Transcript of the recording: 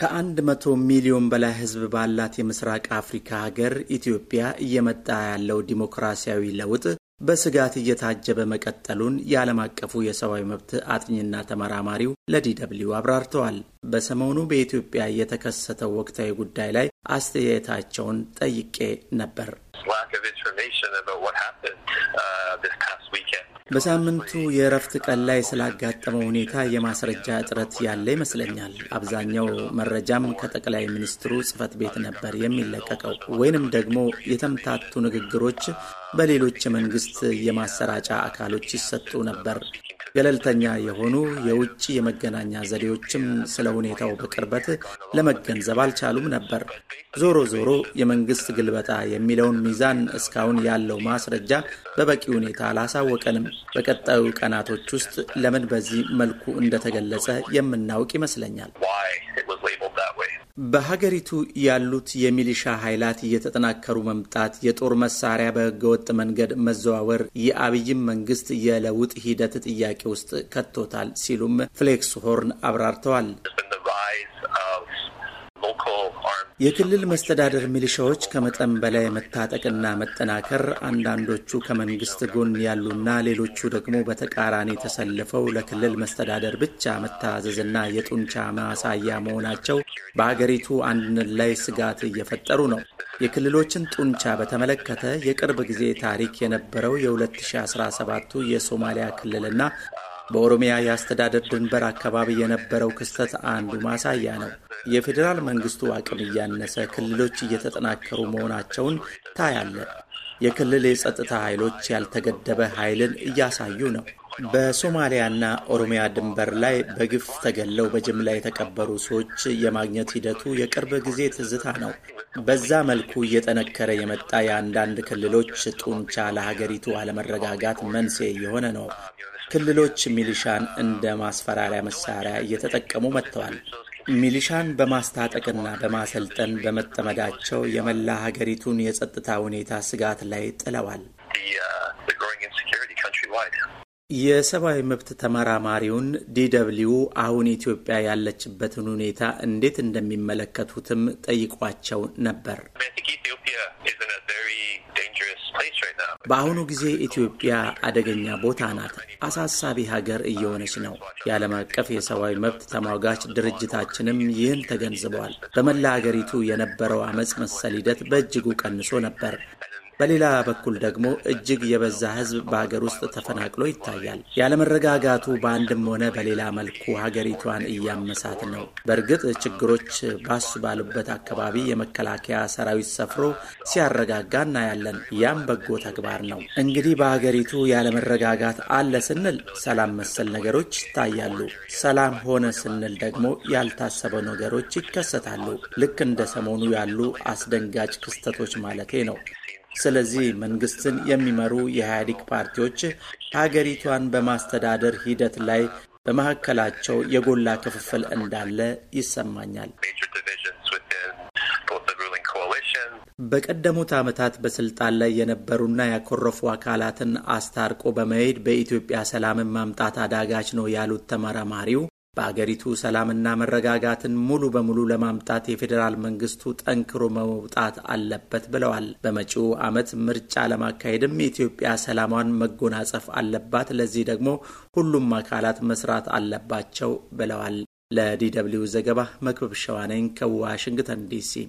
ከአንድ መቶ ሚሊዮን በላይ ሕዝብ ባላት የምስራቅ አፍሪካ ሀገር ኢትዮጵያ እየመጣ ያለው ዲሞክራሲያዊ ለውጥ በስጋት እየታጀበ መቀጠሉን የዓለም አቀፉ የሰብአዊ መብት አጥኚና ተመራማሪው ለዲደብሊው አብራርተዋል። በሰሞኑ በኢትዮጵያ የተከሰተው ወቅታዊ ጉዳይ ላይ አስተያየታቸውን ጠይቄ ነበር። በሳምንቱ የእረፍት ቀን ላይ ስላጋጠመው ሁኔታ የማስረጃ እጥረት ያለ ይመስለኛል። አብዛኛው መረጃም ከጠቅላይ ሚኒስትሩ ጽህፈት ቤት ነበር የሚለቀቀው ወይንም ደግሞ የተምታቱ ንግግሮች በሌሎች የመንግስት የማሰራጫ አካሎች ይሰጡ ነበር። ገለልተኛ የሆኑ የውጭ የመገናኛ ዘዴዎችም ስለ ሁኔታው በቅርበት ለመገንዘብ አልቻሉም ነበር። ዞሮ ዞሮ የመንግስት ግልበጣ የሚለውን ሚዛን እስካሁን ያለው ማስረጃ በበቂ ሁኔታ አላሳወቀንም። በቀጣዩ ቀናቶች ውስጥ ለምን በዚህ መልኩ እንደተገለጸ የምናውቅ ይመስለኛል። በሀገሪቱ ያሉት የሚሊሻ ኃይላት እየተጠናከሩ መምጣት፣ የጦር መሳሪያ በህገወጥ መንገድ መዘዋወር የአብይም መንግስት የለውጥ ሂደት ጥያቄ ውስጥ ከቶታል ሲሉም ፍሌክስ ሆርን አብራርተዋል። የክልል መስተዳደር ሚሊሻዎች ከመጠን በላይ መታጠቅና መጠናከር፣ አንዳንዶቹ ከመንግስት ጎን ያሉና ሌሎቹ ደግሞ በተቃራኒ ተሰልፈው ለክልል መስተዳደር ብቻ መታዘዝና የጡንቻ ማሳያ መሆናቸው በሀገሪቱ አንድነት ላይ ስጋት እየፈጠሩ ነው። የክልሎችን ጡንቻ በተመለከተ የቅርብ ጊዜ ታሪክ የነበረው የ2017ቱ የሶማሊያ ክልልና በኦሮሚያ የአስተዳደር ድንበር አካባቢ የነበረው ክስተት አንዱ ማሳያ ነው። የፌዴራል መንግስቱ አቅም እያነሰ ክልሎች እየተጠናከሩ መሆናቸውን ታያለ። የክልል የጸጥታ ኃይሎች ያልተገደበ ኃይልን እያሳዩ ነው። በሶማሊያና ኦሮሚያ ድንበር ላይ በግፍ ተገለው በጅምላ የተቀበሩ ሰዎች የማግኘት ሂደቱ የቅርብ ጊዜ ትዝታ ነው። በዛ መልኩ እየጠነከረ የመጣ የአንዳንድ ክልሎች ጡንቻ ለሀገሪቱ አለመረጋጋት መንስኤ የሆነ ነው። ክልሎች ሚሊሻን እንደ ማስፈራሪያ መሳሪያ እየተጠቀሙ መጥተዋል። ሚሊሻን በማስታጠቅና በማሰልጠን በመጠመዳቸው የመላ ሀገሪቱን የጸጥታ ሁኔታ ስጋት ላይ ጥለዋል። የሰብአዊ መብት ተመራማሪውን ዲደብሊው አሁን ኢትዮጵያ ያለችበትን ሁኔታ እንዴት እንደሚመለከቱትም ጠይቋቸው ነበር። በአሁኑ ጊዜ ኢትዮጵያ አደገኛ ቦታ ናት፣ አሳሳቢ ሀገር እየሆነች ነው። የዓለም አቀፍ የሰብአዊ መብት ተሟጋች ድርጅታችንም ይህን ተገንዝበዋል። በመላ ሀገሪቱ የነበረው አመፅ መሰል ሂደት በእጅጉ ቀንሶ ነበር። በሌላ በኩል ደግሞ እጅግ የበዛ ሕዝብ በሀገር ውስጥ ተፈናቅሎ ይታያል። ያለመረጋጋቱ በአንድም ሆነ በሌላ መልኩ ሀገሪቷን እያመሳት ነው። በእርግጥ ችግሮች ባሱ ባሉበት አካባቢ የመከላከያ ሰራዊት ሰፍሮ ሲያረጋጋ እናያለን። ያም በጎ ተግባር ነው። እንግዲህ በሀገሪቱ ያለመረጋጋት አለ ስንል ሰላም መሰል ነገሮች ይታያሉ። ሰላም ሆነ ስንል ደግሞ ያልታሰበ ነገሮች ይከሰታሉ። ልክ እንደ ሰሞኑ ያሉ አስደንጋጭ ክስተቶች ማለቴ ነው። ስለዚህ መንግስትን የሚመሩ የኢህአዴግ ፓርቲዎች ሀገሪቷን በማስተዳደር ሂደት ላይ በመካከላቸው የጎላ ክፍፍል እንዳለ ይሰማኛል። በቀደሙት ዓመታት በስልጣን ላይ የነበሩና ያኮረፉ አካላትን አስታርቆ በመሄድ በኢትዮጵያ ሰላምን ማምጣት አዳጋች ነው ያሉት ተመራማሪው በአገሪቱ ሰላምና መረጋጋትን ሙሉ በሙሉ ለማምጣት የፌዴራል መንግስቱ ጠንክሮ መውጣት አለበት ብለዋል። በመጪው ዓመት ምርጫ ለማካሄድም የኢትዮጵያ ሰላሟን መጎናጸፍ አለባት። ለዚህ ደግሞ ሁሉም አካላት መስራት አለባቸው ብለዋል። ለዲ ደብልዩ ዘገባ መክብብ ሸዋነኝ ከዋሽንግተን ዲሲ